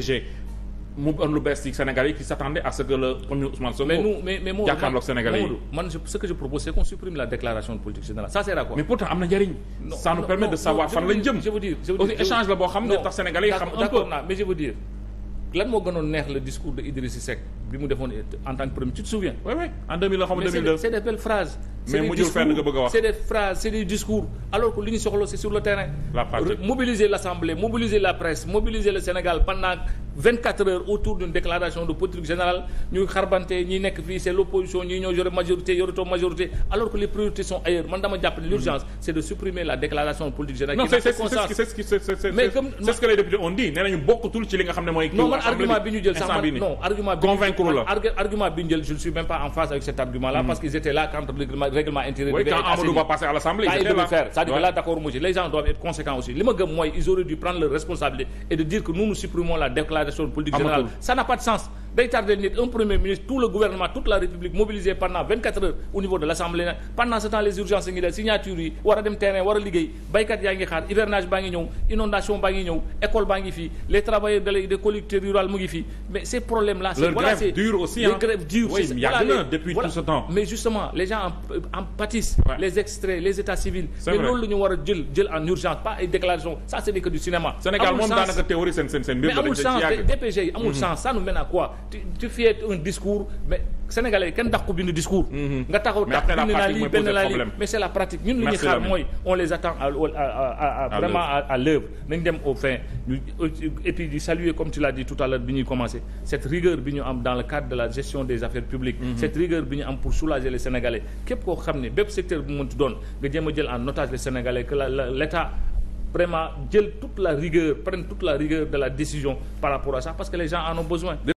DG mu am lu bees ci Sénégal yi qui s'attendait à ce que le premier Ousmane Sonko. mais nous mais mais Maodo ce que je propose c'est qu'on supprime la déclaration de politique générale ça à quoi. mais pourtant am na njëriñ. ça nous permet de savoir fan lañ jëm. je dire échange la boo xam ne tax Sénégalais yi xam un mais je veux dire lan discours de Idrissa Seck bi mu defoon en tant que premier tu te souviens. oui en 2000 la xam 2002 c' est des belles phrases. mais des discours alors que li ñu soxla c' sur le terrain. mobiliser l' mobiliser la presse mobiliser le Sénégal pendant 24 heures autour d' déclaration de politique générale ñuy xarbante ñi nekk fii c' est l' opposition majorité yoretoo majorité alors que les priorités sont ailleurs man dama jàpp ne l' mm-hmm. de supprimer micro je ne suis même pas en phase avec cet argument là hmm. parce qu'ils étaient là quand le règlement intérieur quand Amadou va à l'Assemblée ils devaient faire c'est-à-dire là d'accord mu ci les gens doivent être conséquents aussi li ma gëm mooy ils auraient dû prendre de politique générale ça n'a pas de sens day tardé nit un premier ministre tout le gouvernement toute la république mobilisée pendant vingt quatre heures au niveau de l' assemblée ce temps les urgences yi yi war dem terrain war a baykat yaa ngi xaar hivernage baa ngi ñëw inondation baa ngi ñëw école baa ngi fii les travailleurs de des collectivités rurales mu ngi fii mais ces problèmes là c'est voilà c'est dur aussi les mais justement les gens en, en les extraits les états a jël tu tu fais un discours mais sénégalais kenn tax ko bind discours. Mhm. nga taxaw tax bind naa lii benn laa lii mais c'est la pratique ñun li ñu xaar mooy on les attend à à vraiment dem au fin et puis di saluer comme tu l'as dit tout à l'heure bi ñuy commencer cette rigueur bi ñu am dans le cadre de la gestion des affaires publiques. Mhm. cette rigueur bi ñu am pour soulager les sénégalais képp koo xam ne bépp secteur bu mënti doon nga jël en otage les sénégalais de la décision